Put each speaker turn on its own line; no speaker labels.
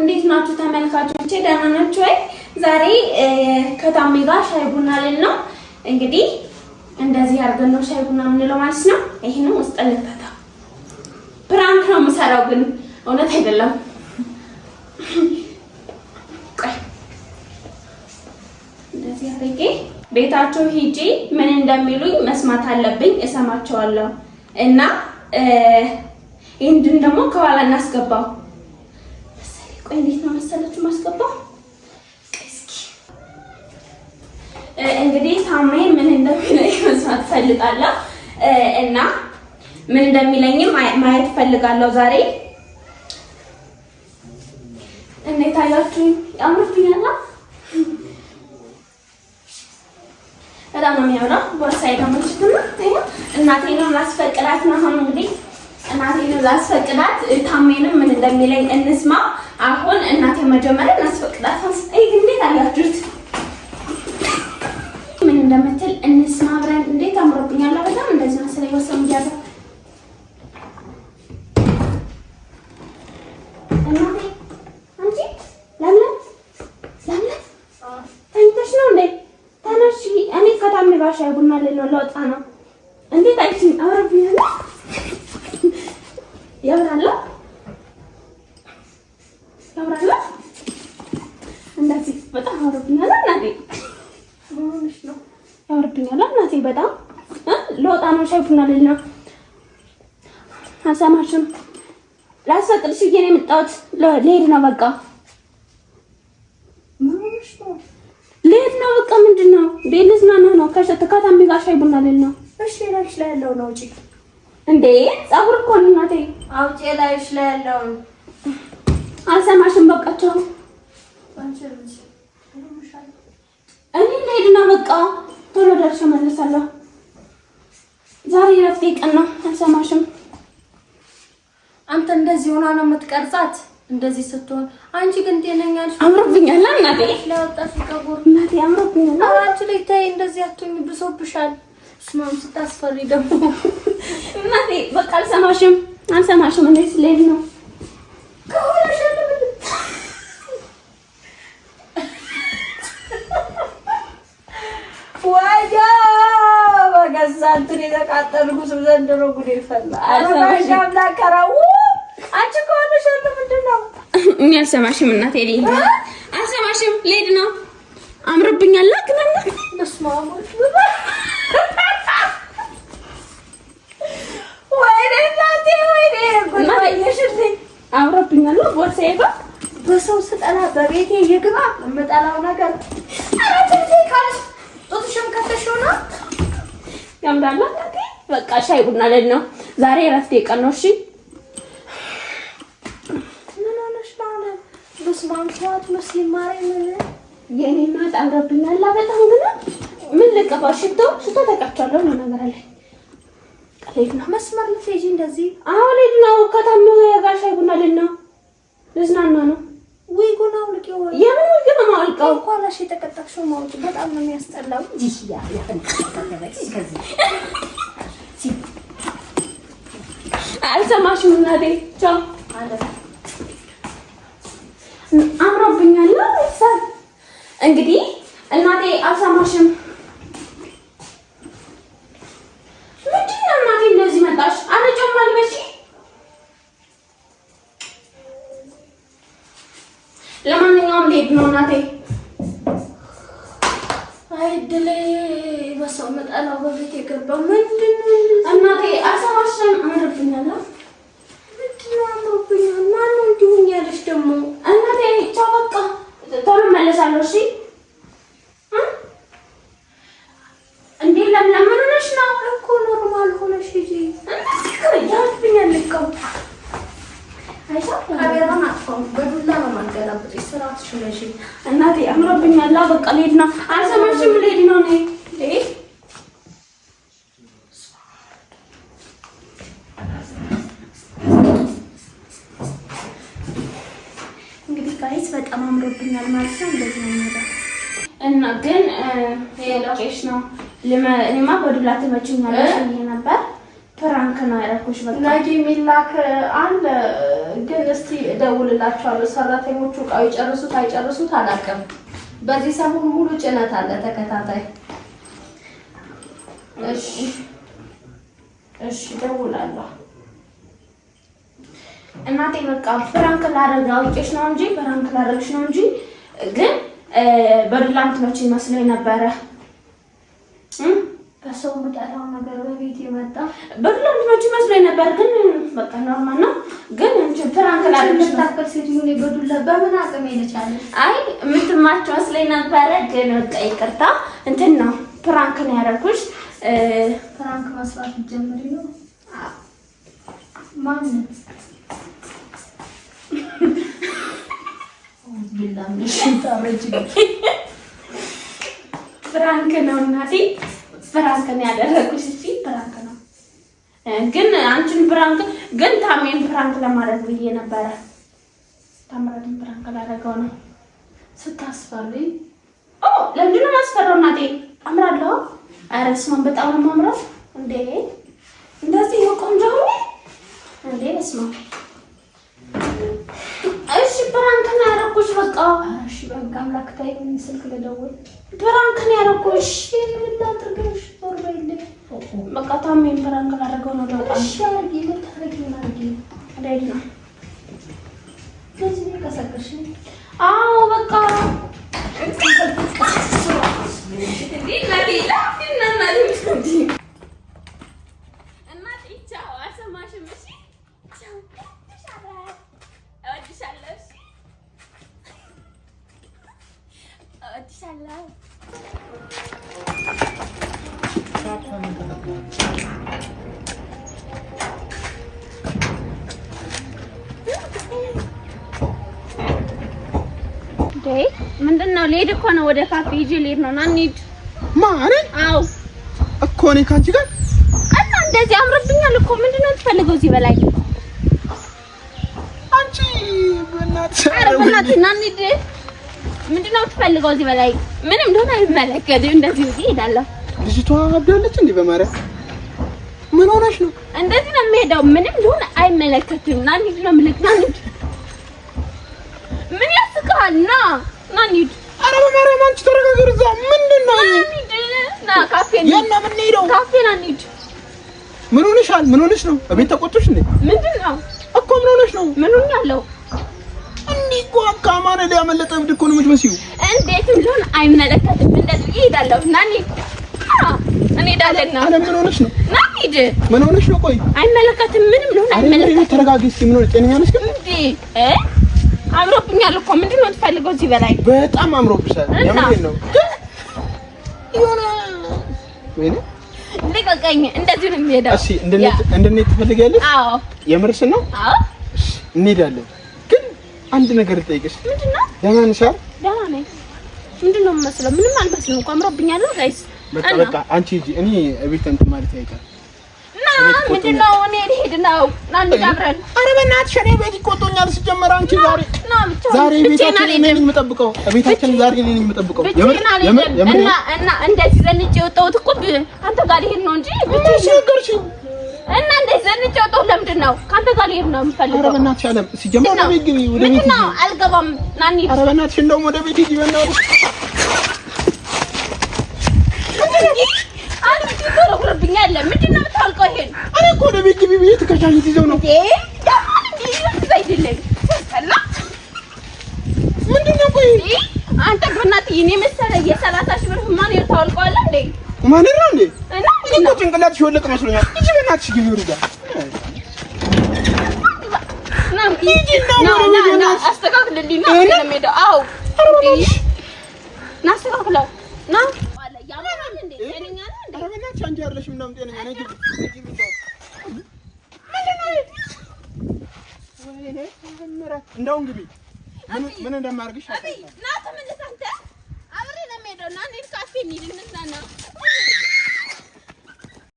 እንዴት ናችሁ ተመልካቾቼ? ደህና ናችሁ ወይ? ዛሬ ከታሜ ጋር ሻይ ቡና ልን ነው እንግዲህ እንደዚህ አድርገን ነው ሻይ ቡና የምንለው ማለት ነው። ይህንም ውስጥ ልታታ ፕራንክ ነው የምሰራው፣ ግን እውነት አይደለም። እንደዚህ አድርጌ ቤታቸው ሂጂ ምን እንደሚሉኝ መስማት አለብኝ። እሰማቸዋለሁ እና ይህንድን ደግሞ ከኋላ እናስገባው። ቆይ እንዴት ነው መሰላችሁ ማስገባው? እስኪ እንግዲህ ታሜ ምን እንደሚለኝ መስማት እፈልጋለሁ እና ምን እንደሚለኝም ማየት እፈልጋለሁ ዛሬ። እንዴት አያችሁ? ያምርብኛል። በጣም ነው የሚያምረው። ቦርሳዬ ደግሞ እናቴንም ላስፈቅዳት ነው። አሁን እንግዲህ እናቴንም ላስፈቅዳት ታሜንም ምን እንደሚለኝ እንስማ። አሁን እናቴ መጀመሪያ ላስፈቅዳት ስጠይቅ እንዴት አላችሁት? ምን እንደምትል እንስማ አብረን። እንዴት አምሮብኛል በጣም እንደዚህ መሰለኝ ወሰም እያለ ይጮህብናልና አልሰማሽም። ላስፈቅድሽ ብዬሽ ነው የመጣሁት። ልሄድ ነው በቃ ልሄድ ነው በቃ። ምንድን ነው እንዴ? ልዝናና ነው። ከታምቢ ጋር ሻይ ቡና ልል ነው።
እሺ ላይሽ ላይ ያለው ነው ውጪ።
እንዴ ፀጉር እኮ ነው እናቴ።
አውጪ ላይሽ ላይ ያለው
አልሰማሽም። በቃቸው እኔ ልሄድ ነው በቃ። ቶሎ ደርሼ እመልሳለሁ። ዛሬ ረፍቴ ቀን ነው። አልሰማሽም?
አንተ እንደዚህ ሆና ነው የምትቀርጻት፣ እንደዚህ ስትሆን። አንቺ ግን ጤነኛ ነሽ?
አምሮብኛል እናቴ፣
ለወጣሽ ጸጉር
እናቴ አምሮብኛል።
አንቺ ላይ ተይ፣ እንደዚህ አትሁኝ፣ ብሶብሻል። ስማም፣ ስታስፈሪ ደግሞ
እናቴ። በቃ አልሰማሽም፣ አልሰማሽም። እንደዚህ ስለሄድ ነው
ከሆነሽ ከዛ እንትን የተቃጠል ጉስብ ዘንድሮ ጉድ ይፈላ አምላከራው አንቺ ከሆነ ሸል ምንድን ነው
እኔ አልሰማሽም። እናቴ ልሂድ አልሰማሽም። ልሂድ ነው አምርብኛል። ግናና በስማ አምሮብኛል። ቦርሳ
በሰው ስጠላ በቤቴ ይግባ የምጠላው ነገር
ያምራል። በቃ ሻይ ቡና ልን ነው ዛሬ እረፍቴ ቀን ነው። እሺ
ምን ሆነሽ ነው? በስመ አብ ሰዓት ሙስሊም ማርያም
የኔ እናት አምረብኛል። በጣም ግን ምን ልቀባው? ሽቶ ሽቶ ተቀብቻለሁ። ምን ነገር
መስመር ልትሄጂ እንደዚህ?
አዎ ልሂድ ነው። ከታም ጋር ሻይ ቡና ልን ነው ልዝናና ነው።
ወይ ጎና ወልቂው
የምን ወልቂው ነው
ኋላሽ የተቀጠቅሽው ማውጭ በጣም ነው የሚያስጠላው።
አልሰማሽም እናቴ። ቻው አምሮብኛል። እንግዲህ እናቴ አልሰማሽም። ምንድን ነው እናቴ እንደዚህ መጣሽ? አለጨማል ለማንኛውም ልሄድ ነው እናቴ።
ላይ በሰው መጣ ነው በቤት የገባው ምንድን ነው? አላጠፋሁም። በዱላ ነው የማገላብጥሽ። ስርዓትሽ ነሽ
እናቴ። አምሮብኛል። በቃ ልሄድ ነው። አልሰማሽም? ልሄድ ነው እኔ በጣም አምሮብኛል ማለት ነው። እንደዚህ ነው የሚሄደው እና ግን የሎቄሽ ነው እኔማ በዱላ ትመችኛለሽ
ነበር። ፕራንክ ነው ያደረኩሽ በቃ
ናጊ የሚላክ አንድ ግን እስቲ እደውልላችኋለሁ። ሰራተኞቹ እቃው ይጨርሱት አይጨርሱት አላውቅም። በዚህ ሰሞን ሙሉ ጭነት አለ ተከታታይ። እሺ፣ እሺ እደውላለሁ። እናቴ በቃ ፍራንክ ላደርግ አውቄሽ ነው እንጂ ፍራንክ ላደርግሽ ነው እንጂ ግን በዱላ ምትመች ይመስለኝ ነበረ።
ከሰው ምጣጣው ነገር በቤት የመጣ
በዱላ ምትመች ይመስለኝ ነበር ግን በቃ ኖርማል ነው። ግን እንጂ ፕራንክ ላይ ምታፈል
ሴት ምን ይበዱላ በምን አቅም ይለቻለ
አይ የምትማቸው መስለኝ ነበረ። ግን ወጣ ይቅርታ እንትን ነው ፕራንክ ነው ያደረኩሽ።
ፕራንክ መስራት ጀምሪ ነው ማንነት
ፕራንክ ነው እናቴ፣ ፕራንክ ነው ያደረኩሽ። እሺ ፕራንክ ነው ግን አንቺን ፕራንክ ግን ታሜን ፕራንክ ለማድረግ ብዬ ነበረ።
ታምራትን ፕራንክ ላደረገው ነው ስታስፈሪ
ኦ ለምንድን ነው ማስፈራው? እናቴ አምራለሁ። ኧረ በስመ አብ በጣም ነው የማምረው። እንዴ እንደዚህ ቆንጆ ሆኜ እንዴ! በስመ አብ እሺ፣ ፕራንክ ነው ያደረኩሽ በቃ
እሺ አምላክ ታይ ምን ስልክ ልደውል
ብራንክ ነው ያደረኩሽ። ዞር በይልኝ በቃ ታሜ ብራንክ ላደረገው ነው ለውጣ።
እሺ አድርጊ፣ ምን ታደርጊ? ከሰቀሽ
አዎ በቃ እንዴ ምንድን ነው? ልሄድ እኮ ነው ወደ ካፌ ይዤ ልሄድ ነው። ና እንሂድ። ማንን? አው
እኮ እኔ ካንቺ ጋር
እና እንደዚህ አምርብኛል እኮ። ምንድን ነው የምትፈልገው እዚህ በላይ? አንቺ በእናትሽ፣ አረ በእናትሽ ና እንሂድ። ምንድን ነው የምትፈልገው እዚህ በላይ? ምንም እንደሆነ አይመለከትም። እንደዚህ ውጪ እሄዳለሁ።
ልጅቷ አብዳለች እንዴ? በማርያም ምን ሆነሽ ነው?
እንደዚህ ነው የምሄደው። ምንም እንደሆነ አይመለከትም። ና እንሂድ ነው የምልህ። ና እንሂድ። ምን ያስቃል? ና ና እንሂድ።
ኧረ በማርያም አንቺ ተረጋጊ። እዛ ምንድን ነው?
ና
ምን ሆነሻል? ምን ሆነሽ ነው? እቤት ተቆጡሽ እንዴ? ምንድን ነው እኮ ምን ሆነሽ ነው? ምን ሆኛለሁ? እንዲህ እኮ አካማነ ሊያመለጠ እብድ እኮ ነው የምትመስይው።
እንዴትም ቢሆን አይመለከትም። እሄዳለሁ። ና እንሄዳለን። ና ምን ሆነሽ ነው? ና እንሂድ።
ምን ሆነሽ ነው? ቆይ
አይመለከትም። ምንም ሆነ
አይመለከትም። ተረጋጊ እስኪ። ምን ሆነ? ጤነኛ ነሽ ግን
እንዴ? አምሮብኛል እኮ ምንድን ነው የምትፈልገው? እዚህ በላይ
በጣም አምሮብሻል። የምሬን ነው። እንሄዳለን። ግን አንድ ነገር ልጠይቅሽ። ምንድን ነው? ደህና ነሽ?
ደህና ነኝ። ምንድን ነው የምመስለው? ምንም አልመስልም እኮ አምሮብኛል።
በቃ በቃ፣ አንቺ ሂጂ። እኔ እቤት እንትን ማለት
እና ምንድን ነው ነው።
ኧረ በእናትሽ እኔ ቤት ይቆጡኛል። ሲጀመር አንቺ ዛሬ ዛሬ ቤታችን እኔ ነኝ የምጠብቀው፣ ቤታችን ዛሬ እኔ ነኝ የምጠብቀው።
እና እንደዚህ ዘንጬ የወጣሁት እኮ አንተ ጋር ልሄድ ነው እንጂ
ነገርሽኝ
እና እንደዚህ ዘንጬ የወጣሁት ለምንድን ነው? ከአንተ ጋር ልሄድ ነው የምፈልገው።
ኧረ በእናትሽ አለም ሲጀመር ወደ ቤት ግቢ።
ምንድን ነው አልገባም። ና እንሂድ።
ኧረ በእናትሽ እንደውም ወደ ቤት ግቢ በእናትሽ
ትወልቅብኛለህ። ምንድን ነው የምታወልቀው? ይሄን
እኔ እኮ ወደ ቤት ግቢ ብዬሽ ትከሻሽን ትይዘው ነው አይደለም። ምንድን ነው ቆይ
አንተ በእናትህ የእኔ መሰለህ የሰላሳ ሺህ ብር ማን ታወልቀዋለህ ማን ነው እንዴ? እኔ
እኮ ጭንቅላትሽ የወለቀ መስሎኛል። ሂጂ በእናትሽ ግቢ ወደ እዛ
አስተካክልልኝ ነው የምሄደው። አዎ ና አስተካክለው ና
እንጂ አይደለሽም ምናምን ጤነኛ ነኝ። እንደው እንግዲህ ምን እንደማደርግሽ
ናቱ ምን አንተ አብሬ ነው የምሄደው እና ካፌ እንሂድ እንዝናና